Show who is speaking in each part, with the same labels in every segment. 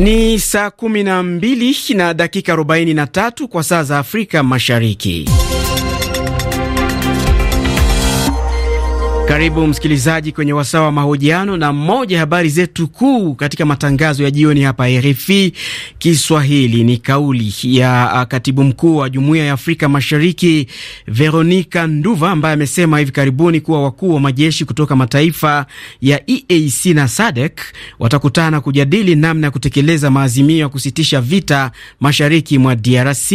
Speaker 1: Ni saa 12 na dakika 43 kwa saa za Afrika Mashariki. Karibu msikilizaji kwenye wasaa wa mahojiano na ya habari zetu kuu katika matangazo ya jioni hapa RFI Kiswahili ni kauli ya ah, katibu mkuu wa Jumuiya ya Afrika Mashariki Veronica Nduva ambaye amesema hivi karibuni kuwa wakuu wa majeshi kutoka mataifa ya EAC na SADC watakutana kujadili namna ya kutekeleza maazimio ya kusitisha vita mashariki mwa DRC.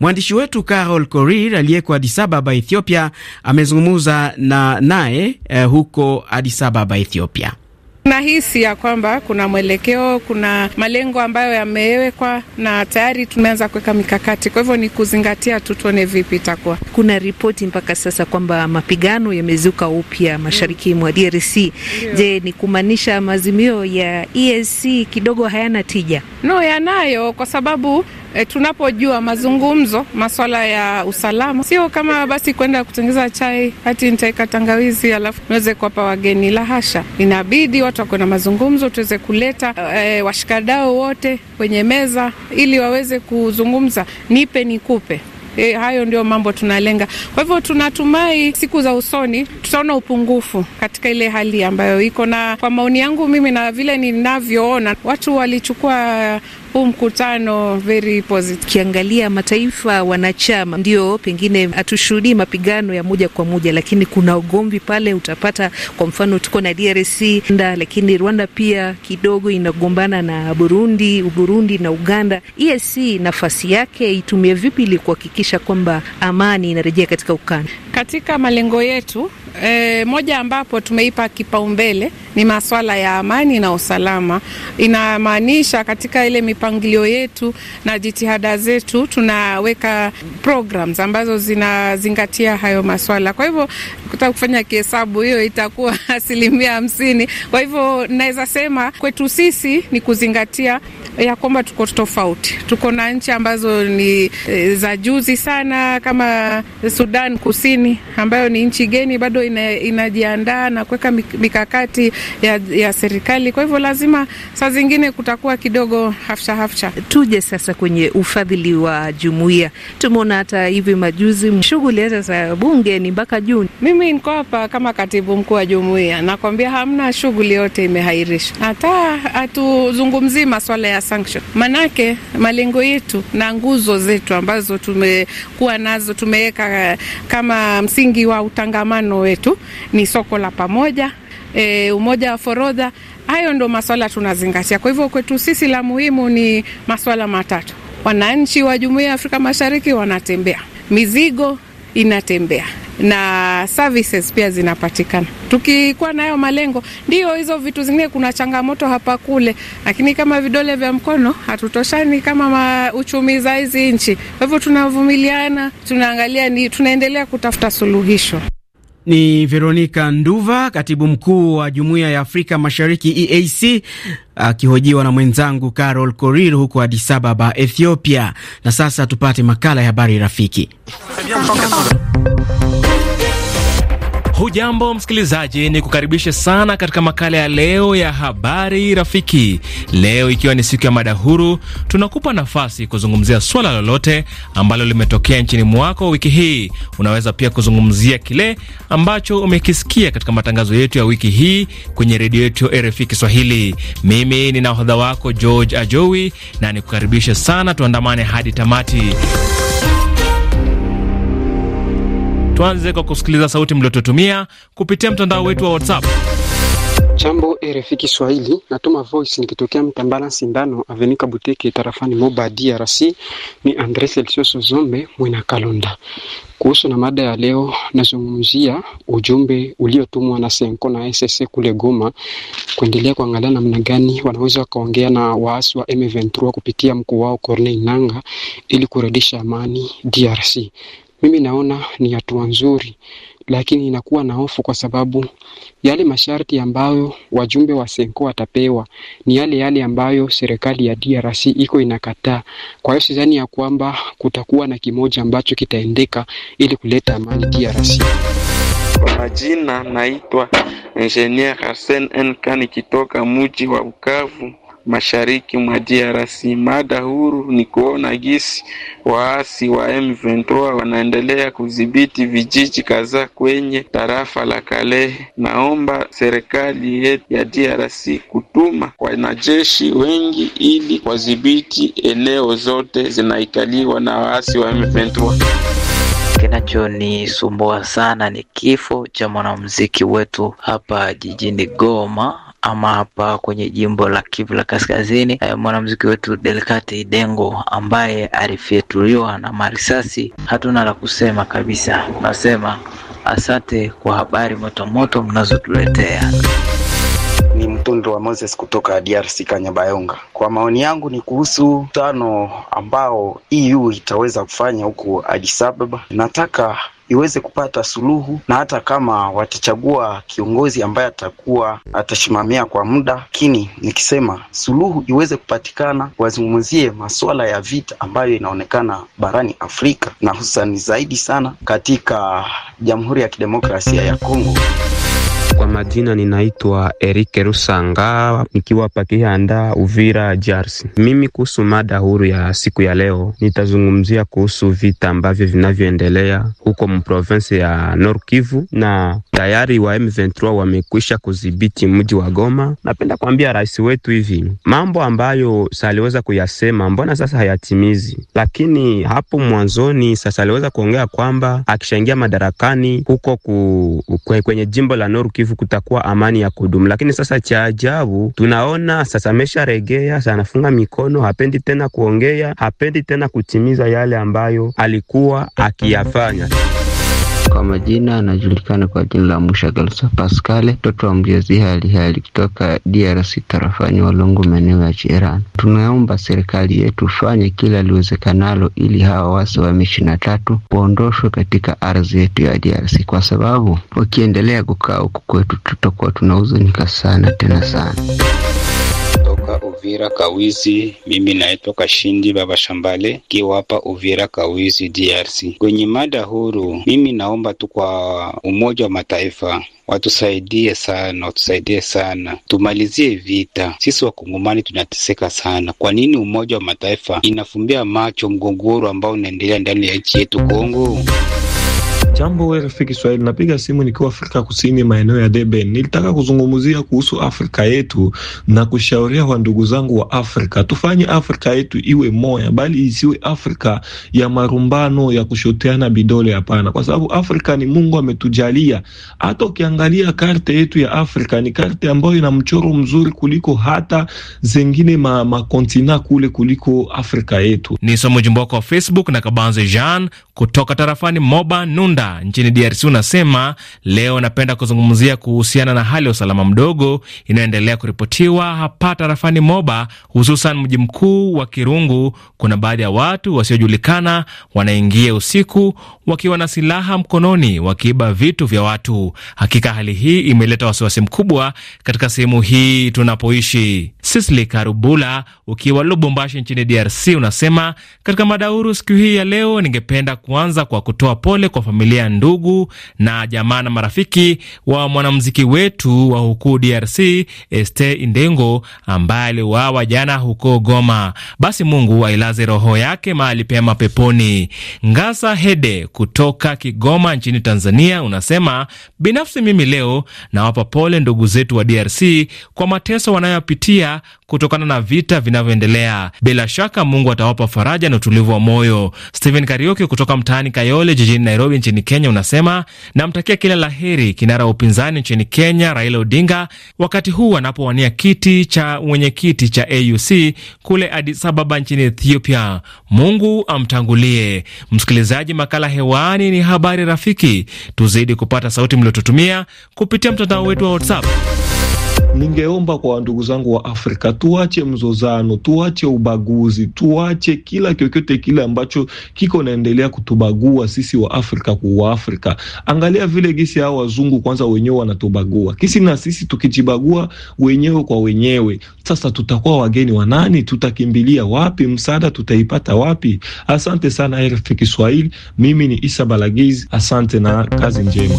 Speaker 1: Mwandishi wetu Carol Korir aliyeko disababa Ethiopia amezungumza na naye eh, huko Addis Ababa, Ethiopia.
Speaker 2: Nahisi ya kwamba kuna mwelekeo, kuna malengo ambayo yamewekwa na tayari tumeanza kuweka mikakati. Kwa hivyo ni kuzingatia tu, tuone vipi itakuwa. Kuna ripoti mpaka sasa kwamba mapigano yamezuka upya mashariki mwa DRC Je, ni kumaanisha maazimio ya EAC kidogo hayana tija? No, yanayo kwa sababu E, tunapojua mazungumzo maswala ya usalama, sio kama basi kwenda kutengeza chai hati nitaweka tangawizi alafu niweze kuwapa wageni. La hasha, inabidi watu wako na mazungumzo, tuweze kuleta e, washikadao wote kwenye meza ili waweze kuzungumza, nipe nikupe. E, hayo ndio mambo tunalenga. Kwa hivyo tunatumai siku za usoni tutaona upungufu katika ile hali ambayo iko, na kwa maoni yangu mimi na vile ninavyoona, watu walichukua huu mkutano very positive. Kiangalia mataifa wanachama, ndio pengine hatushuhudii mapigano ya moja kwa moja, lakini kuna ugomvi pale. Utapata kwa mfano tuko na DRC nda, lakini Rwanda pia kidogo inagombana na Burundi, Burundi na Uganda. EAC nafasi yake itumie vipi ili kuhakikisha kwamba amani inarejea katika ukanda, katika malengo yetu? E, moja ambapo tumeipa kipaumbele ni maswala ya amani na usalama, inamaanisha katika ile mipangilio yetu na jitihada zetu tunaweka programs ambazo zinazingatia hayo maswala. Kwa hivyo ukitaka kufanya kihesabu hiyo itakuwa asilimia hamsini. Kwa hivyo naweza sema kwetu sisi ni kuzingatia ya kwamba tuko tofauti. Tuko na nchi ambazo ni e, za juzi sana kama Sudan Kusini ambayo ni nchi geni, bado ina, inajiandaa na kuweka mikakati ya, ya serikali. Kwa hivyo lazima saa zingine kutakuwa kidogo hafsha hafsha. Tuje sasa kwenye ufadhili wa jumuiya, tumeona hata hivi majuzi shughuli hata za bunge ni mpaka Juni mimi niko hapa kama katibu mkuu wa jumuiya, nakwambia hamna shughuli yote imehairishwa, hata hatuzungumzii maswala ya sanction, manake malengo yetu na nguzo zetu ambazo tumekuwa nazo tumeweka kama msingi wa utangamano wetu ni soko la pamoja, e, umoja wa forodha. Hayo ndo maswala tunazingatia. Kwa hivyo kwetu sisi la muhimu ni maswala matatu: wananchi wa jumuiya ya Afrika Mashariki wanatembea, mizigo inatembea na services pia zinapatikana. Tukikuwa nayo malengo, ndio hizo vitu zingine, kuna changamoto hapa kule, lakini kama vidole vya mkono hatutoshani kama uchumi za hizi nchi. Kwa hivyo tunavumiliana, tunaangalia ni, tunaendelea kutafuta suluhisho.
Speaker 1: Ni Veronica Nduva, katibu mkuu wa Jumuiya ya Afrika Mashariki EAC, akihojiwa na mwenzangu Carol Korir huko Addis Ababa, Ethiopia. Na sasa tupate makala ya habari rafiki Hujambo
Speaker 3: msikilizaji, ni kukaribishe sana katika makala ya leo ya habari rafiki. Leo ikiwa ni siku ya mada huru, tunakupa nafasi kuzungumzia swala lolote ambalo limetokea nchini mwako wiki hii. Unaweza pia kuzungumzia kile ambacho umekisikia katika matangazo yetu ya wiki hii kwenye redio yetu RFI Kiswahili. Mimi ni nahodha wako George Ajowi na nikukaribishe sana, tuandamane hadi tamati. Tuanze kwa kusikiliza sauti mliotutumia kupitia mtandao wetu wa WhatsApp.
Speaker 1: Jambo RFI Kiswahili, natuma voice nikitokea Mtambala Sindano Avenika Buteke, tarafani Moba, DRC. Ni Andre Celsius Zombe Mwina Kalonda. Kuhusu na mada ya leo, nazungumzia ujumbe uliotumwa na Senko na SSE kule Goma kuendelea kuangalia namna gani wanaweza wakaongea na waasi wa M23 kupitia mkuu wao Corneille Nanga ili kurudisha amani DRC mimi naona ni hatua nzuri, lakini inakuwa na hofu kwa sababu yale masharti ambayo wajumbe wa Senko watapewa ni yale yale ambayo serikali ya DRC iko inakataa. Kwa hiyo sidhani ya kwamba kutakuwa na kimoja ambacho kitaendeka ili kuleta amani DRC.
Speaker 4: Kwa majina
Speaker 1: naitwa Engineer Hassan Nk nikitoka mji wa Bukavu mashariki mwa DRC. Mada huru ni kuona gisi waasi wa M23 wanaendelea kudhibiti vijiji kadhaa kwenye tarafa la Kalehe. Naomba serikali yetu ya DRC kutuma wanajeshi wengi ili wadhibiti eneo zote zinaikaliwa na waasi wa M23. Kinachonisumbua sana ni kifo cha mwanamuziki wetu hapa jijini Goma ama hapa kwenye jimbo la Kivu la Kaskazini, eh, mwanamuziki wetu Delikate Idengo ambaye alifyatuliwa na marisasi. Hatuna la kusema kabisa, nasema asante kwa habari motomoto mnazotuletea. Ni mtundo wa Moses kutoka DRC Kanyabayonga. Kwa maoni yangu ni kuhusu tano ambao EU itaweza kufanya huko Addis Ababa. Nataka iweze kupata suluhu, na hata kama watachagua kiongozi ambaye atakuwa atasimamia kwa muda, lakini nikisema suluhu iweze kupatikana, wazungumzie masuala ya vita ambayo inaonekana barani Afrika na hususani zaidi sana katika Jamhuri ya Kidemokrasia ya Kongo. Kwa majina ninaitwa Erike Rusanga nikiwa hapa Uvira, jars Mimi kuhusu mada huru ya siku ya leo nitazungumzia kuhusu vita ambavyo vinavyoendelea huko mprovensi ya Nord Kivu, na tayari wa M23 wamekwisha kudhibiti mji wa Goma. Napenda kuambia rais wetu hivi mambo ambayo saliweza kuyasema, mbona sasa hayatimizi? Lakini hapo mwanzoni sasa aliweza kuongea kwamba akishaingia madarakani huko ku, kwenye jimbo la Nord Kivu Kivu kutakuwa amani ya kudumu. Lakini sasa cha ajabu tunaona sasa amesharegea, anafunga mikono, hapendi tena kuongea, hapendi tena kutimiza yale ambayo alikuwa akiyafanya. Kwa majina anajulikana kwa jina la galsa paskale mtoto wa mjezi hali hali kutoka DRC tarafani Walungu, maeneo ya Cherani. Tunaomba serikali yetu fanye kila liwezekanalo ili hawa wasi wa na tatu waondoshwe katika ardhi yetu ya DRC, kwa sababu wakiendelea kukaa huku kwetu tutakuwa tunauzunika sana tena sana. Uvira Kawizi. Mimi naitwa Kashindi Baba Shambale kiwa hapa Uvira Kawizi, DRC. Kwenye mada huru, mimi naomba tu kwa Umoja wa Mataifa watusaidie sana, watusaidie sana, tumalizie vita. Sisi wakongomani tunateseka sana. Kwa nini Umoja wa Mataifa inafumbia macho mgogoro ambao unaendelea ndani ya
Speaker 4: nchi yetu Kongo? Jambo wewe rafiki Kiswahili, napiga simu nikiwa Afrika Kusini, maeneo ya Durban. Nilitaka kuzungumzia kuhusu Afrika yetu na kushauria wa ndugu zangu wa Afrika, tufanye Afrika yetu iwe moya, bali isiwe Afrika ya marumbano ya kushoteana bidole. Hapana, kwa sababu Afrika ni Mungu ametujalia. Hata ukiangalia karte yetu ya Afrika ni karte ambayo ina mchoro mzuri kuliko hata zengine makontina ma kule kuliko Afrika yetu.
Speaker 3: Ni somo jumbako wa Facebook na Kabanze Jean kutoka tarafani Moba Nunda nchini DRC unasema leo napenda kuzungumzia kuhusiana na hali ya usalama mdogo inayoendelea kuripotiwa hapa tarafani Moba, hususan mji mkuu wa Kirungu. Kuna baadhi ya watu wasiojulikana wanaingia usiku wakiwa na silaha mkononi, wakiiba vitu vya watu. Hakika hali hii imeleta wasiwasi mkubwa katika sehemu hii tunapoishi. Sisli Karubula ukiwa Lubumbashi nchini DRC unasema katika madauru siku hii ya leo ningependa kuanza kwa kutoa pole kwa familia, ndugu na jamaa na marafiki wa mwanamuziki wetu wa huku DRC Este Indengo ambaye aliuawa jana huko Goma. Basi Mungu ailaze roho yake mahali pema peponi. Ngasa Hede kutoka Kigoma nchini Tanzania unasema, binafsi mimi leo nawapa pole ndugu zetu wa DRC kwa mateso wanayopitia kutokana na vita vinavyoendelea. Bila shaka Mungu atawapa faraja na utulivu wa moyo. Stephen Karioki kutoka mtaani Kayole jijini Nairobi nchini Kenya unasema namtakia kila la heri kinara wa upinzani nchini Kenya Raila Odinga wakati huu anapowania kiti cha mwenyekiti cha AUC kule Addis Ababa nchini Ethiopia. Mungu amtangulie. Msikilizaji, makala hewani ni habari rafiki. Tuzidi kupata sauti mliotutumia kupitia mtandao wetu wa WhatsApp.
Speaker 4: Ningeomba kwa ndugu zangu wa Afrika tuache mzozano, tuache ubaguzi, tuache kila kyokyote kile ambacho kiko naendelea kutubagua sisi wa Afrika wa Afrika. Angalia vile gisi hao wazungu kwanza wenyewe wanatubagua kisi, na sisi tukijibagua wenyewe kwa wenyewe, sasa tutakuwa wageni wa nani? Tutakimbilia wapi? Msaada tutaipata wapi? Asante sana RFI Kiswahili. Mimi ni Isa Balagizi, asante na kazi njema.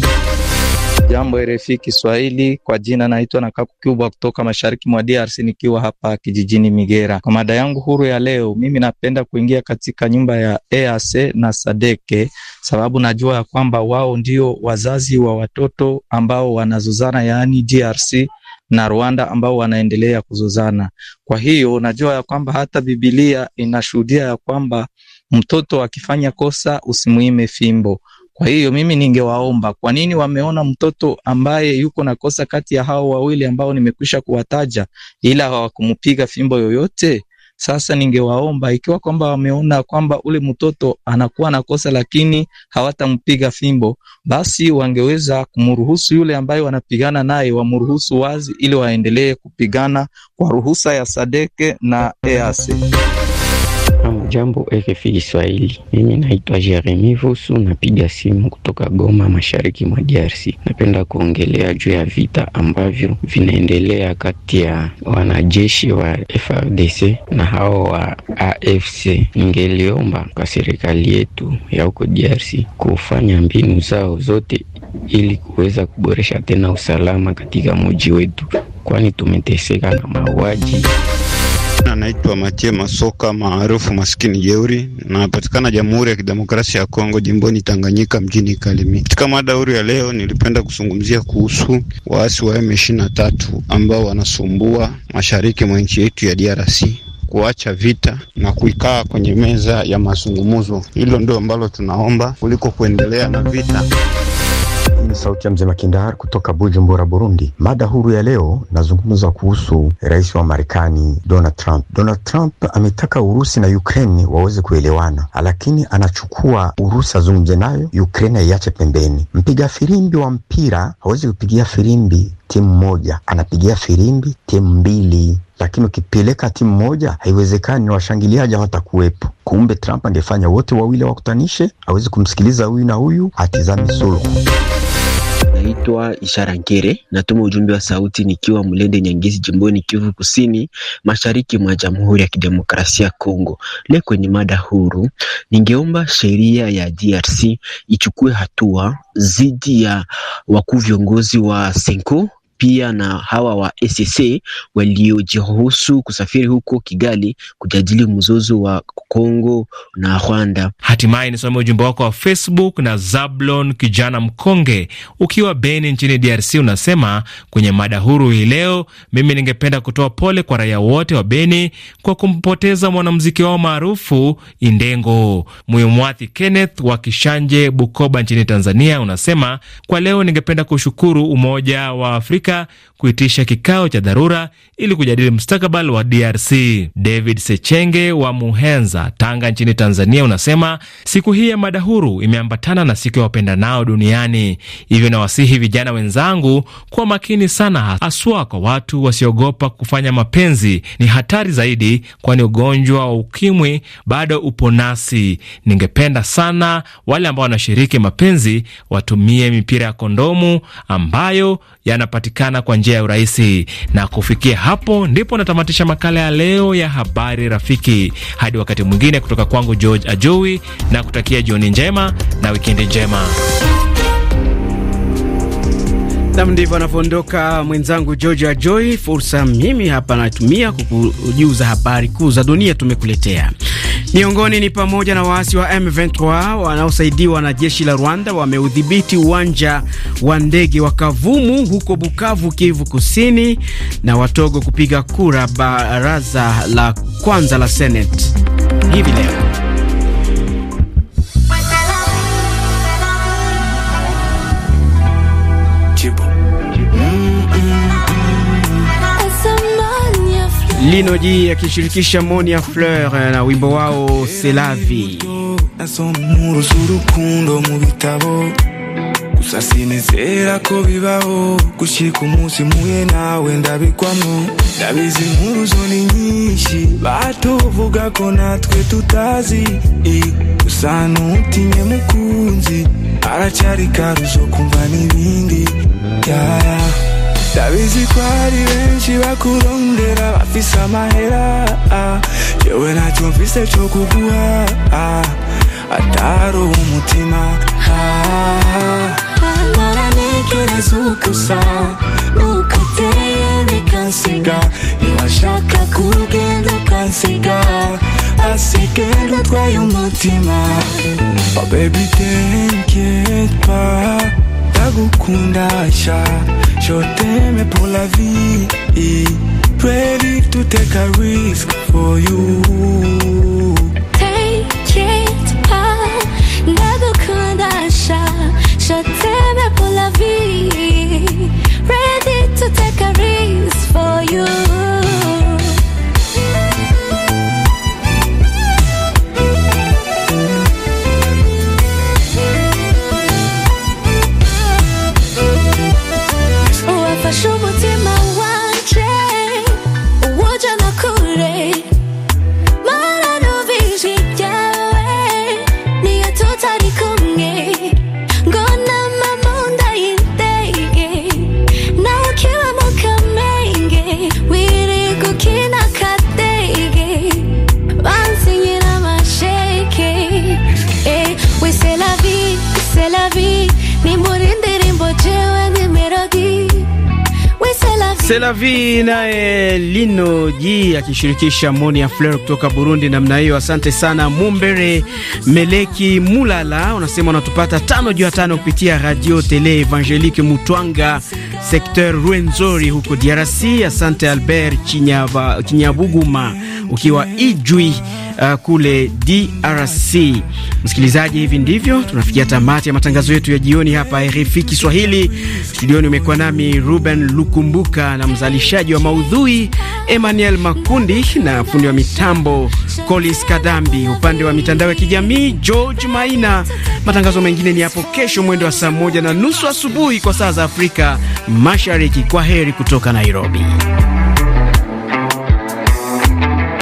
Speaker 2: Jambo RFI
Speaker 1: Kiswahili, kwa jina naitwa na Kaku Kubwa kutoka mashariki mwa DRC, nikiwa hapa kijijini Migera. Kwa mada yangu huru ya leo, mimi napenda kuingia katika nyumba ya EAC na Sadeke sababu najua ya kwamba wao ndio wazazi wa watoto ambao wanazozana, yaani DRC na Rwanda ambao wanaendelea kuzozana. Kwa hiyo najua ya kwamba hata Biblia inashuhudia ya kwamba mtoto akifanya kosa usimuime fimbo. Kwa hiyo mimi ningewaomba, kwa nini wameona mtoto ambaye yuko na kosa kati ya hao wawili ambao nimekwisha kuwataja, ila hawakumpiga fimbo yoyote? Sasa ningewaomba ikiwa kwamba wameona kwamba ule mtoto anakuwa na kosa lakini hawatampiga fimbo, basi wangeweza kumruhusu yule ambaye wanapigana naye, wamruhusu wazi ili waendelee kupigana kwa ruhusa ya Sadeke na EAC. Jambo RFI Kiswahili, mimi naitwa Jeremi Vusu, napiga simu kutoka Goma, mashariki mwa DRC. Napenda kuongelea juu ya vita ambavyo vinaendelea kati ya wanajeshi wa FRDC na hao wa AFC. Ningeliomba kwa serikali yetu ya huko DRC kufanya mbinu zao zote ili kuweza kuboresha tena
Speaker 4: usalama katika mji wetu, kwani tumeteseka na mauaji. Jina naitwa Matie Masoka maarufu maskini jeuri, napatikana Jamhuri ya Kidemokrasia ya Kongo, jimboni Tanganyika, mjini Kalemi. Katika mada huru ya leo, nilipenda kuzungumzia kuhusu waasi wa M23 ambao wanasumbua mashariki mwa nchi yetu ya DRC kuacha vita na kuikaa kwenye meza ya mazungumzo. Hilo ndio ambalo tunaomba kuliko kuendelea na vita. Hii ni sauti ya mzee Makindar kutoka
Speaker 1: Bujumbura, Burundi. Mada huru ya leo nazungumza kuhusu rais wa Marekani Donald Trump. Donald Trump ametaka Urusi na Ukraine waweze kuelewana, lakini anachukua Urusi azungumze nayo, Ukraine aiache pembeni. Mpiga firimbi wa mpira hawezi kupigia firimbi timu moja, anapigia firimbi timu mbili lakini ukipeleka timu moja haiwezekani, washangiliaji hawatakuwepo. Kumbe Trump angefanya wote wawili wakutanishe, awezi kumsikiliza huyu na huyu, atizame suluhu. Naitwa Ishara Nkere, natuma ujumbe wa sauti nikiwa Mlende Nyangezi, jimboni Kivu Kusini, mashariki mwa Jamhuri ya Kidemokrasia congo Kongo. kwenye mada huru, ningeomba sheria ya DRC ichukue hatua dhidi ya wakuu viongozi wa Senko pia na hawa wa ACC waliojiruhusu kusafiri huko Kigali kujadili mzozo wa Kongo na Rwanda.
Speaker 3: Hatimaye nisome ujumbe wako wa Facebook na Zablon kijana Mkonge ukiwa Beni nchini DRC, unasema kwenye mada huru hii leo, mimi ningependa kutoa pole kwa raia wote wa Beni kwa kumpoteza mwanamuziki wao maarufu Indengo. Muyumwathi Kenneth wa Kishanje, Bukoba nchini Tanzania, unasema kwa leo ningependa kushukuru Umoja wa Afrika Afrika kuitisha kikao cha dharura ili kujadili mustakabali wa DRC. David Sechenge wa Muhenza, Tanga nchini Tanzania, unasema siku hii ya mada huru imeambatana na siku ya wapendanao duniani, hivyo nawasihi vijana wenzangu kuwa makini sana, haswa kwa watu wasiogopa kufanya mapenzi. Ni hatari zaidi, kwani ugonjwa wa ukimwi bado upo nasi. Ningependa sana wale ambao wanashiriki mapenzi watumie mipira ya kondomu ambayo yanapatikana kupatikana kwa njia ya urahisi. Na kufikia hapo ndipo natamatisha makala ya leo ya habari rafiki. Hadi wakati mwingine, kutoka kwangu George Ajowi na kutakia jioni
Speaker 1: njema na wikendi njema. Nam, ndivyo anavyoondoka mwenzangu George Ajoi. Fursa mimi hapa natumia kukujuza habari kuu za dunia tumekuletea. Miongoni ni pamoja na waasi wa M23 wanaosaidiwa na jeshi la Rwanda wameudhibiti uwanja wa ndege wa Kavumu huko Bukavu, Kivu Kusini, na Watogo kupiga kura baraza la kwanza la Senate hivi leo. Lino J akishirikisha Monia Fleur eh, na wimbo wao Selavi. Nasoma ko bibaho gushika umunsi muye nawe ndabigwamo ndabizi inkuru zo ni nyinshi
Speaker 4: batuvuga ko natwe tutazi gusa ntutinye mukunzi aracyari karuzo kumva n'ibindi yeah
Speaker 1: tabizitwari benshi bakurondera bafise amahera ah. yewe ntacyo mfise co kuguha atari ah. umutima ah. naranekereza ukusa nuko uteye bikansiga kugenda ukansiga asigara utwaye umutima oh baby ndagukunda sha shoteme pour la vie ready to take a risk for you Selavi naye Lino G akishirikisha Moni ya Fleur kutoka Burundi, namna hiyo. Asante sana Mumbere Meleki Mulala, unasema unatupata tano juu ya tano kupitia Radio Tele Evangelique Mutwanga, Secteur ruenzori huko DRC. Asante Albert Chinyava, Chinyabuguma ukiwa Ijwi uh, kule DRC. Msikilizaji, hivi ndivyo tunafikia tamati ya matangazo yetu ya jioni hapa RFI Kiswahili. Studioni umekuwa nami Ruben Lukumbuka na mzalishaji wa maudhui Emmanuel Makundi na fundi wa mitambo Collins Kadambi, upande wa mitandao ya kijamii George Maina. Matangazo mengine ni hapo kesho mwendo wa saa moja na nusu asubuhi kwa saa za Afrika Mashariki. Kwa heri kutoka Nairobi.